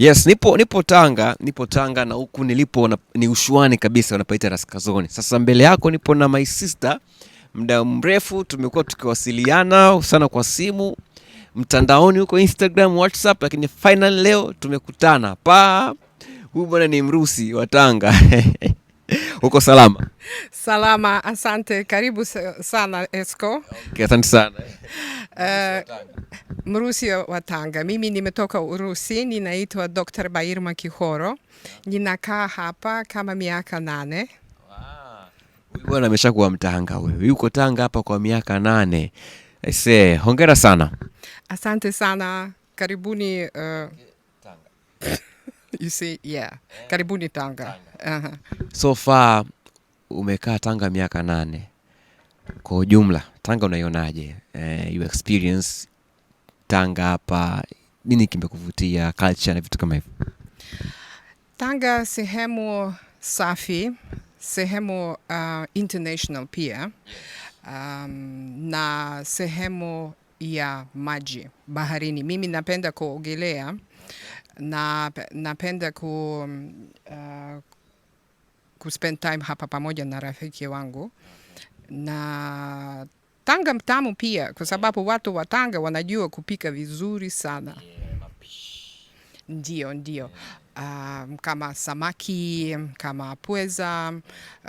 Yes, nipo nipo Tanga, nipo Tanga na huku nilipo na, ni ushuani kabisa unapaita Raskazoni. Sasa mbele yako nipo na my sister, muda mrefu tumekuwa tukiwasiliana sana kwa simu, mtandaoni huko Instagram, WhatsApp, lakini finally leo tumekutana. Pa, huyu bwana ni Mrusi wa Tanga Uko salama? Salama, asante. Karibu sana Esco. Okay, asante sana. Uh, Mrusi wa Tanga. Mimi nimetoka Urusi, ninaitwa Dr. Bairma Kihoro. Ninakaa hapa kama miaka nane. Huyu bwana ameshakuwa Mtanga wewe. yuko Tanga hapa kwa miaka nane. Ese, hongera sana. Asante sana, karibuni uh... Tanga. You see, yeah. Eh, Karibuni Tanga, Uh -huh. So far umekaa Tanga miaka nane kwa ujumla Tanga unaionaje? Eh, you experience Tanga hapa, nini kimekuvutia, culture na vitu kama hivyo? Tanga sehemu safi, sehemu uh, international pia um, na sehemu ya maji baharini. Mimi napenda kuogelea na napenda ku, uh, ku spend time hapa pamoja na rafiki wangu na Tanga mtamu pia, kwa sababu watu wa Tanga wanajua kupika vizuri sana. Ndio, ndio. Um, kama samaki kama pweza,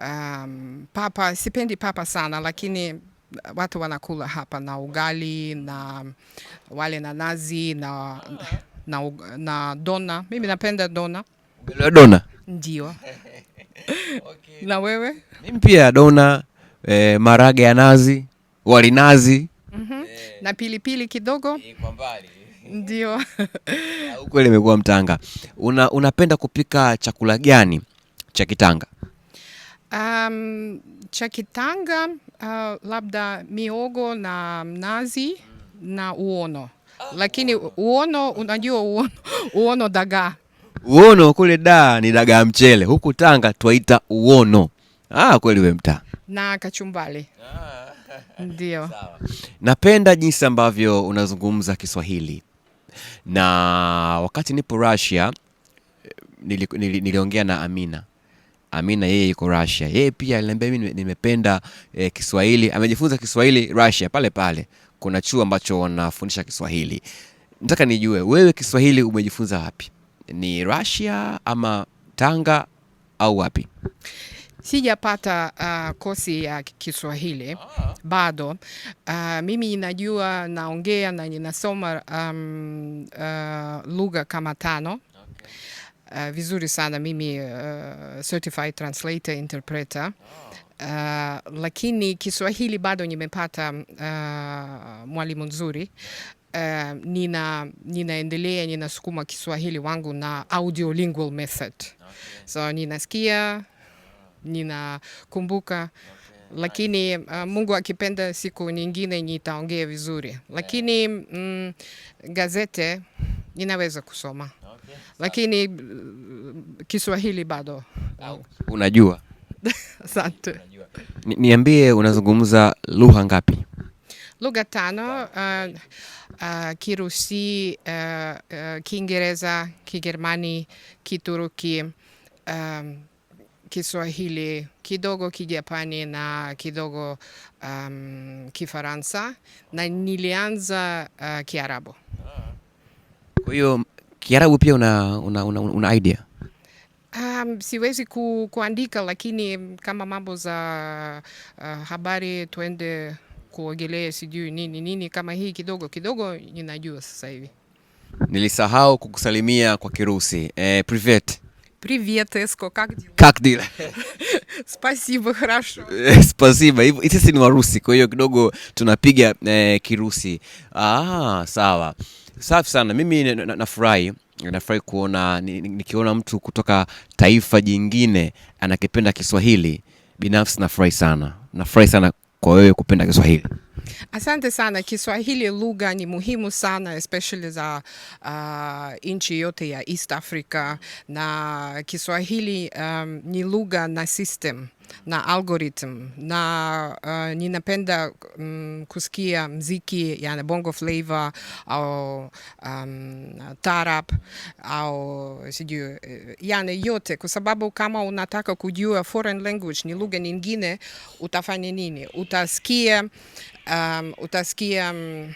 um, papa. Sipendi papa sana, lakini watu wanakula hapa na ugali na wale na nazi ah. na na, na dona. Mimi napenda dona. Umeelewa dona? Ndio. Okay. Na wewe? Mimi pia dona, eh, marage ya nazi, wali nazi. Mm -hmm. eh. na pilipili kidogo. E, kwa mbali. Ndio. Ukweli imekuwa mtanga. Una, unapenda kupika chakula gani cha Kitanga? Um, cha Kitanga uh, labda miogo na nazi na uono lakini uono, unajua uono, uono dagaa. Uono kule da ni dagaa mchele, huku Tanga twaita uono. Ah, kweli we mtaa na kachumbali ah. ndio. Napenda jinsi ambavyo unazungumza Kiswahili na wakati nipo Russia nili, nili, niliongea na Amina. Amina yeye yuko Russia, yeye pia aliniambia mimi nimependa eh, Kiswahili. Amejifunza Kiswahili Russia pale pale, kuna chuo ambacho wanafundisha Kiswahili. Nataka nijue wewe Kiswahili umejifunza wapi? Ni Russia ama Tanga au wapi? Sijapata uh, kosi ya Kiswahili ah. bado. Uh, mimi najua naongea na ninasoma um, uh, lugha kama tano. Uh, vizuri sana mimi uh, certified translator interpreter. Ah uh, lakini Kiswahili bado nimepata uh, mwalimu nzuri uh, eh, nina ninaendelea ninasukuma Kiswahili wangu na audio lingual method okay. So ninasikia ninakumbuka okay. Lakini uh, Mungu akipenda siku nyingine nitaongea vizuri, lakini mm, gazete ninaweza kusoma okay. Lakini Kiswahili bado unajua Asante. Ni, niambie unazungumza lugha ngapi? Lugha tano, uh, uh, Kirusi, uh, uh, Kiingereza, Kigermani, Kituruki, um, Kiswahili kidogo, Kijapani na kidogo um, Kifaransa na nilianza uh, Kiarabu. Kwa hiyo Kiarabu pia una, una, una, una idea Um, siwezi ku, kuandika lakini kama mambo za uh, habari tuende kuogelea sijui nini nini kama hii kidogo kidogo ninajua sasa hivi. Nilisahau kukusalimia kwa Kirusi. Eh, privet. Привет, Эско, как дела? Как дела? Спасибо, хорошо. Спасибо. Sisi ni Warusi, kwa hiyo kidogo tunapiga eh, Kirusi. Ah, sawa. Safi sana. Mimi nafurahi na, na nafurahi kuona nikiona mtu kutoka taifa jingine anakipenda Kiswahili. Binafsi nafurahi sana, nafurahi sana kwa wewe kupenda Kiswahili. Asante sana. Kiswahili lugha ni muhimu sana especially za uh, nchi yote ya East Africa na Kiswahili um, ni lugha na system na algorithm na uh, ninapenda um, kusikia mziki yani bongo flavo au um, tarab au sijui yani yote, kwa sababu kama unataka kujua foreign language, ni lugha nyingine, utafanya nini? Utasikia um, utasikia um,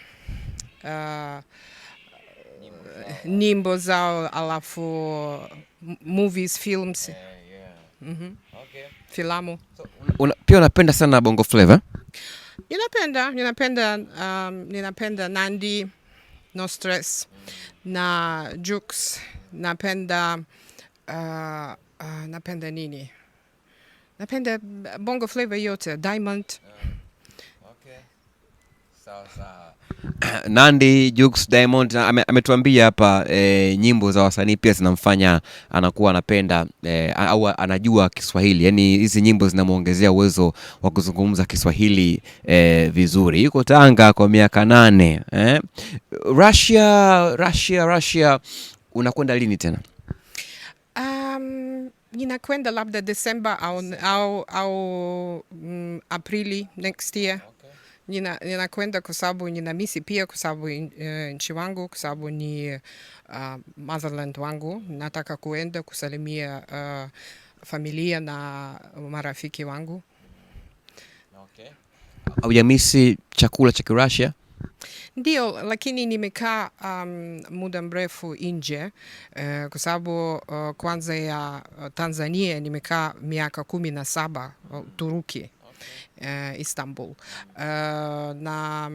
uh, nyimbo zao alafu movies films mhm. Filamu pia unapenda sana bongo flava? Ninapenda, ninapenda um, ninapenda Nandi, No Stress mm. na juks napenda uh, uh, napenda nini, napenda bongo flavor yote Diamond yeah. nandi Jux Diamond ametuambia hapa e, nyimbo za wasanii pia zinamfanya anakuwa anapenda e, au anajua Kiswahili, yaani hizi nyimbo zinamwongezea uwezo wa kuzungumza Kiswahili e, vizuri. Yuko Tanga kwa miaka nane eh? Russia, Russia, Russia unakwenda lini tena? Um, ninakwenda labda Desemba au, au, au mm, Aprili next year nina, ninakwenda kwa sababu misi pia kwa sababu eh, nchi wangu kwa sababu ni uh, motherland wangu. Nataka kuenda kusalimia uh, familia na marafiki wangu. Okay. Haujamisi chakula cha kirasia Ndio, lakini nimekaa um, muda mrefu nje uh, kwa sababu uh, kwanza ya Tanzania nimekaa miaka kumi na saba Uturuki. Istanbul. Na,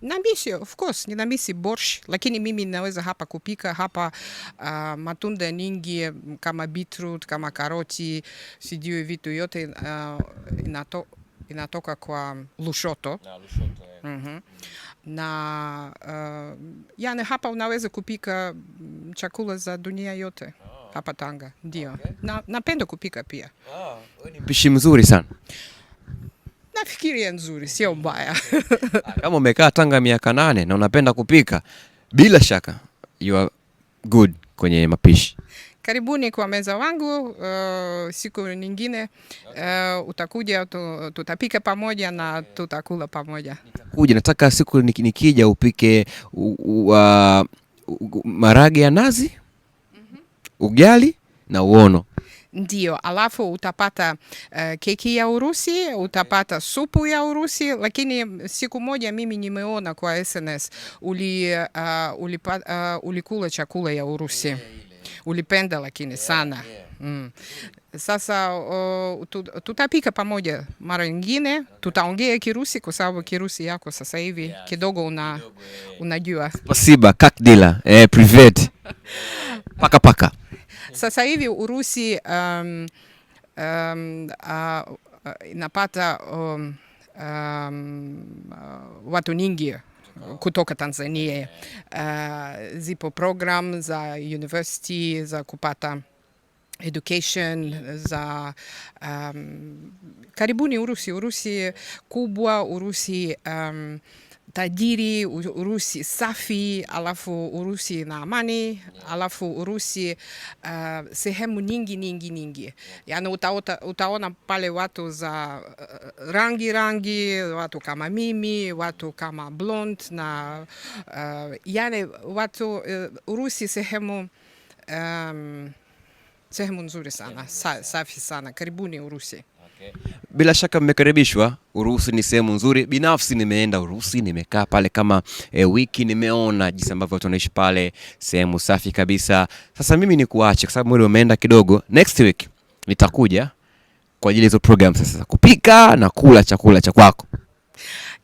na misi, of course, nina misi borsh, lakini mimi ninaweza hapa kupika hapa uh, matunda nyingi kama beetroot, kama karoti, sijui vitu yote uh, inato inatoka kwa Lushoto na, Lushoto, eh. uh, yani hapa unaweza kupika chakula za dunia yote hapa Tanga ndio. Okay. Na, napenda kupika pia. Oh, ni mpishi mzuri sana. Nafikiria nzuri, sio mbaya. Ah, kama umekaa Tanga miaka nane na unapenda kupika, bila shaka you are good kwenye mapishi. Karibuni kwa meza wangu. Uh, siku nyingine uh, utakuja tu, tutapika pamoja na tutakula pamoja. Nitakuja, nataka siku nikija upike u, u, uh, marage ya nazi ugali na uono. Ndio, alafu utapata uh, keki ya Urusi, utapata supu ya Urusi. Lakini siku moja mimi nimeona kwa SNS uli, uh, ulipa, uh, ulikula chakula ya Urusi, ulipenda lakini sana mm. Sasa uh, tutapika pamoja mara nyingine, tutaongea Kirusi kwa sababu Kirusi yako sasa hivi kidogo una, unajua. Pasiba kakdila eh, privet paka paka sasa hivi Urusi um, um, uh, uh inapata um, um, uh, watu nyingi oh. kutoka Tanzania. Uh, zipo program za university za kupata education za um, karibuni Urusi, Urusi kubwa, Urusi um, tajiri, Urusi safi, alafu Urusi na amani, alafu Urusi uh, sehemu nyingi nyingi nyingi, yani utaota, utaona pale watu za uh, rangi rangi, watu kama mimi, watu kama blond na uh, yani watu uh, Urusi sehemu um, sehemu nzuri sana sa, safi sana. Karibuni Urusi. Bila shaka mmekaribishwa Urusi. Ni sehemu nzuri, binafsi nimeenda Urusi, nimekaa pale kama e, wiki, nimeona jinsi ambavyo watu wanaishi pale, sehemu safi kabisa. Sasa mimi ni kuache kwa sababu mwili umeenda kidogo. Next week nitakuja kwa ajili ya hizo program, sasa kupika na kula chakula cha kwako.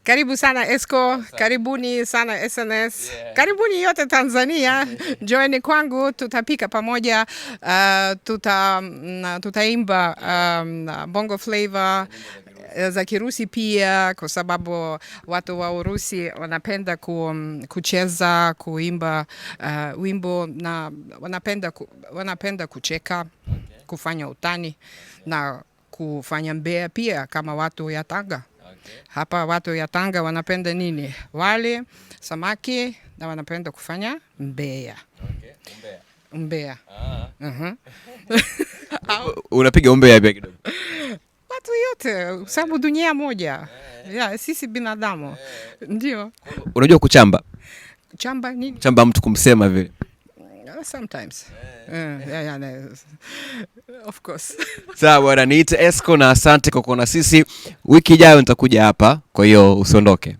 Karibu sana Esco, karibuni sana SNS, yeah. Karibuni yote Tanzania joeni kwangu, tutapika pamoja uh, tuta, mm, tutaimba um, bongo flavor za Kirusi pia kwa sababu watu wa Urusi wanapenda ku, mm, kucheza kuimba uh, wimbo na wanapenda, ku, wanapenda kucheka okay. Kufanya utani na kufanya mbea pia kama watu ya Tanga. Hapa watu ya Tanga wanapenda nini? Wali, samaki na wanapenda kufanya mbeya Okay, mbeya. Mbeya. Ah. Uh-huh. Unapiga umbea pia kidogo. Watu yote sababu dunia moja. Yeah, sisi binadamu. Eh. Ndio. Unajua kuchamba? Chamba nini? Chamba mtu kumsema vile. Yeah, sometimes. Eh. Eh, yeah, yeah, yeah, yeah. Of course. Sawa bwana, niite Esco na asante kwa kuona sisi. Wiki ijayo nitakuja hapa, kwa hiyo usiondoke.